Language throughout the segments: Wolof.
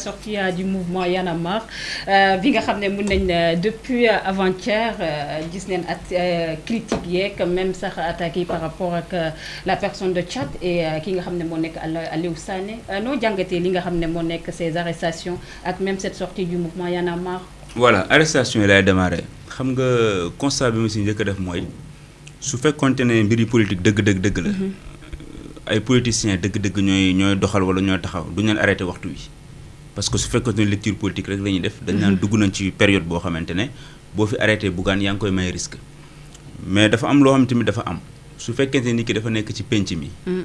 sortie euh, du mouvement Yanamar. Euh, marre bi nga nañ depuis euh, avant-hier euh, gis a at critique yeeg même sax attaqué par rapport ak la personne de Tchad et ki nga xam à moo Nous, Aliou Sané noo jàngatee li nga ces arrestations et même cette sortie du mouvement Yanamar. voilà arrestations yi lay démarrer xam nga constat bi mu si njëkk a def mooy su fekkoonte ne mbiri politique deug deug deug la mm-hmm. ay politiciens deug deug ñoy ñoy doxal wala ñoy taxaw du ñu leen waxtu wi parce que su fekkoon ne lecture politique rek la def. dañ mhm. dugg nañ ci période boo xamante ne boo fi arrêté Bougane yaa ngi koy may risque. mais dafa am loo xam tamit dafa am su fekkente ni ki dafa nekk ci penc mi. Mm.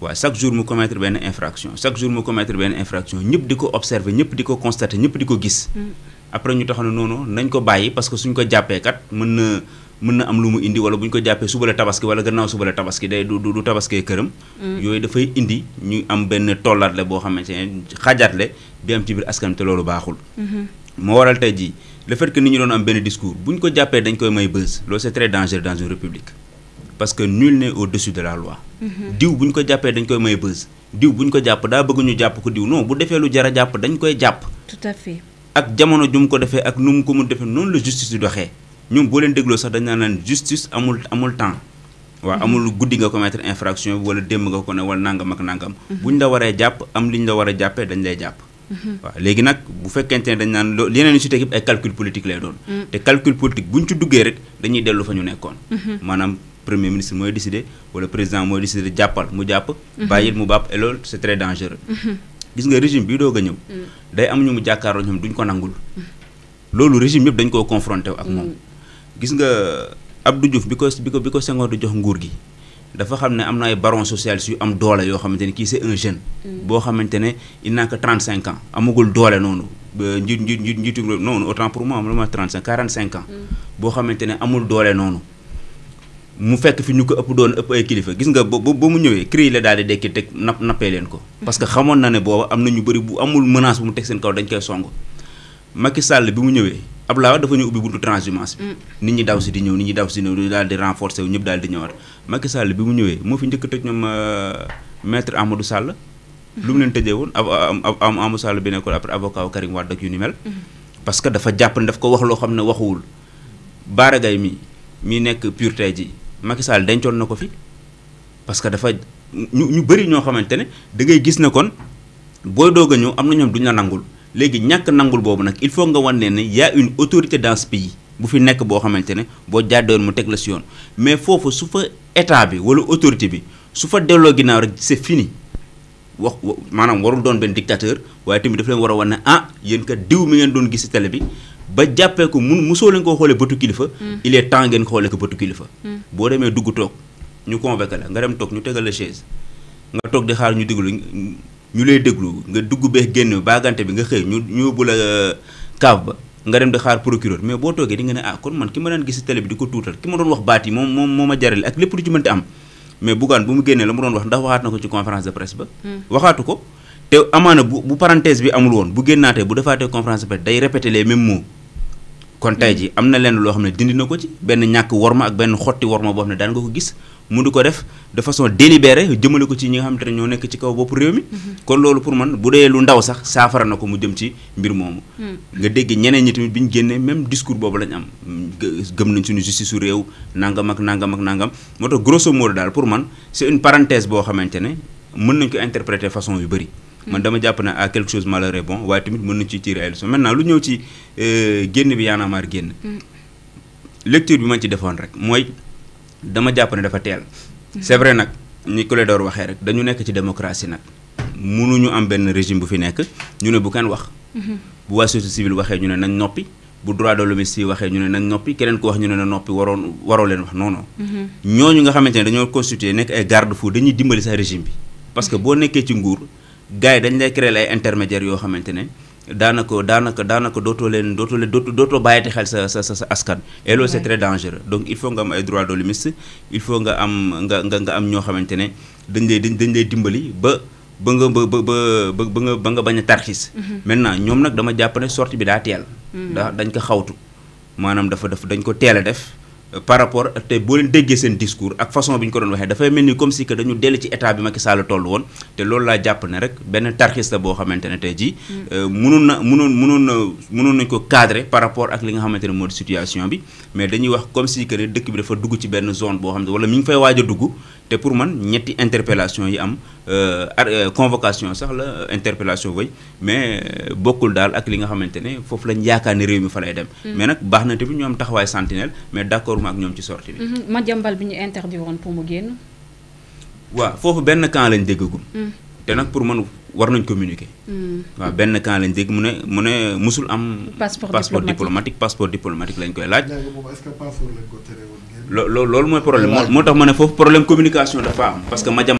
waaw chaque jour mu commettre benn infraction chaque jour mu commettre benn infraction ñëpp di ko observer ñëpp di ko constater ñëpp di ko gis. Mm. après ñu taxaw ne noonu nañ ko bàyyi parce que suñ ko jàppee mën na. mën na am lu mu indi wala bu ñu ko jàppee suba la tabaski wala gannaaw suba la tabaski day du du tabaskee këram. Mm. yooyu dafay indi ñu am benn tollaatle boo xamante ne xaajaatle bi am ci biir askan te loolu baaxul. Mm-hmm. moo waral tey jii le fait que nit ñu doon am benn discours bu ñu ko jàppee dañ koy may bës loolu c'est très dangereux dans une république. parce que nul n'est au-dessus de la loi. Mm-hmm. diw bu ñu ko jàppee dañ koy may bës diw bu ñu ko jàpp daa bëgg ñu jàpp ko diw noo bu defee lu jar a jàpp dañ koy jàpp. tout ak jamono ju mu ko defee ak nu mu ko mun defee noonu la justice di doxee. ñoom boo leen dégloo sax dañ naan leen justice amul amul temps waaw amul mhm. guddi nga commettre infraction wala démb nga ko ne wala nangam ak nangam. Mhm. bu ñu la waree jàpp am li ñu la war a jàppee dañ lay jàpp. Mhm. waaw léegi nag bu fekkente ne dañ naan loo yeneen yu si teg ay calcul politique lay doon. te calcul politique bu ñu dañuy dellu fa ñu nekkoon. maanaam premier ministre mooy décidé wala président mooy décidé jàppal mu jàpp. bàyyil mu bàpp et loolu c'est très dangereux. gis nga régime bii doog a ñëw. day am ñu mu jàkkaarloo ñoom duñ ko nangul. loolu régime yëpp dañ koo confronté ak moom. gis nga Abdou Diouf biko biko biko ko bi jox nguur gi dafa xamne amna ay baron social yu am doole yo xamanteni ki c'est un jeune mm. bo xamanteni il n'a que 35 ans amugul doole nonu njit njit njit njit noonu autant pour moi amul 35 45 ans mm. bo xamanteni amul doole nonu mu fekk fi ñuko ëpp doon ëpp ay kilifa gis nga bo ba mu ñëwé cri la dal di dekki tek nap napé len ko mm. parce que xamone na né bo amna ñu bëri bu amul menace bu mu tek seen kaw dañ koy songu Macky Sall bi mu ñëwé Abdoulaye Wade dafa ñu ubbi buntu transhumance bi mm. nit ñi daw si di ñëw nit ñi daw si ñëw daal di renforcer wu ñëpp daal di ñëwaat Macky Sall bi mu ñëwee moo fi njëkk a tëj ñoom euh, maître Amadou Sall mm-hmm. lu mu leen tëjee woon Amadou Sall bi nekkoon après avocat wu Karim Wade ak yu ni mel mm-hmm. parce que dafa jàpp ne daf ko wax loo xam ne waxuwul Bara Gaye mi mi nekk pur tey ji Macky Sall dencoon na ko fi parce que dafa ñu ñu bëri ñoo xamante ne da ngay gis ne kon booy doog a ñëw am na ñoom duñ la nangul léegi ñàkk nangul boobu nag il faut nga wan ne ne a une autorité dans pays bu fi nekk boo xamante ne boo jàddoon mu teg la si yoon mais foofu su fa état bi wala autorité bi su fa delloo ginnaaw rek c'est fini wax maanaam warul doon benn dictateur waaye tamit daf leen war a wan ne ah yéen kat diw mi ngeen doon gis si télé bi ba jàppee ko mun musoo leen koo xoolee bëtu kilifa. Mm. il est temps ngeen xoolee ko bëtu kilifa. Mm. boo demee dugg toog ñu ko la nga ñu tegal la chaise nga toog di xaar ñu diglu. ñu lay déglu nga dugg beex génn baagante bi nga xëy ñu ñu bu la kaaf euh, ba nga dem di xaar procureur mais boo toogee di ne ah kon man ki ma daan gis si télé bi di ko tuutal ki ma doon wax baat yi moom moom ma jarale ak lépp lu ci am mais Bougane bu mu génnee la mu doon wax ndax waxaat na ko ci conférence de presse ba hmm. waxaatu ko te amaana bu bu parenthèse bi amul woon bu génnaatee bu defaatee conférence de presse day répéter les mêmes kon hmm. na lenn loo xam ne dindi na ko ci benn ñàkk worma ak benn xotti worma boo xam mu def de façon délibérée jëmale ci ñi nga ñoo nekk ci kaw bopp réew mhm. kon loolu pour man bu lu ndaw sax ko mu ci mbir hmm. nga dégg ñeneen ñi tamit même discours boobu lañ am suñu justice nangam ak grosso modo pour man c'est une parenthèse boo xamante ne ko interpréter façon yu bëri. Hmm. man dama quelque chose malheureux bon waaye tamit ci maintenant lu ñëw ci euh, génn bi maar hmm. lecture bi dama jàpp ne dafa teel. c'est vrai nag ni Clédor waxee rek dañu nekk ci démocratie nag mënuñu am benn régime bu fi nekk ñu ne bu kenn wax. Mhm. bu waa société civile waxee ñu ne nañ noppi bu droit de l'homme waxee ñu ne nañ noppi keneen ko wax ñu ne na noppi waroon waroo leen wax non non. Mhm. ñooñu nga xamante ne dañoo constitué nekk ay garde-fou dañuy dimbali sax régime bi. parce boo nekkee ci nguur gars dañ lay créer ay intermédiaires yoo xamante ne. daanaka daanaka daanaka dootoo leen dootoo leen dootoo dootoo bàyyati xel sa sa sa askan et loolu c'est très donc il faut nga am ay droits de l'hommiste il faut nga am nga nga nga am ñoo xamante ne dañ lay dañ lay dimbali ba ba nga ba ba ba nga ba bañ a tarxis mm-hmm. maintenant ñoom nag dama jàpp ne bi daa teel mm-hmm. da dañ ko xawtu maanaam dafa daf dañ ko teel a def par rapport te boo leen déggee seen discours ak façon bi ñu ko doon waxee dafay mel ni comme si que dañu dellu ci état bi Macky Sall toll woon te loolu laa jàpp ne rek benn tarxis la boo xamante ne tey jii. Euh, mënoon na mënoon mënoon na mënoon nañ ko cadrer par rapport ak li nga xamante ne moo di situation bi mais dañuy wax comme si que ne dëkk bi dafa dugg ci benn zone boo xam ne wala mi ngi fay waaj a dugg. te pour man ñetti interpellation yi am euh, euh, convocation sax la interpellation way mais euh, bokkul daal ak li nga xamante ne foofu lañ yaakaar ne réew mi fa lay dem. Mm-hmm. mais nag baax na bi ñoom taxawaay sentinelle mais d' accord ma ak ñoom ci sortie bi. Mm-hmm. Madiambal bi ñu interdit woon pour mu génn. waaw foofu benn kaa lañ déggagul mm. te nag pour man war nañ communiquer. Hmm. waaw benn camp lañ dégg mu ne mu ne musul am. passeport diplomatique passeport diplomatique lañ koy laaj. loolu mooy problème moo tax ma ne foofu problème communication dafa am parce ma jam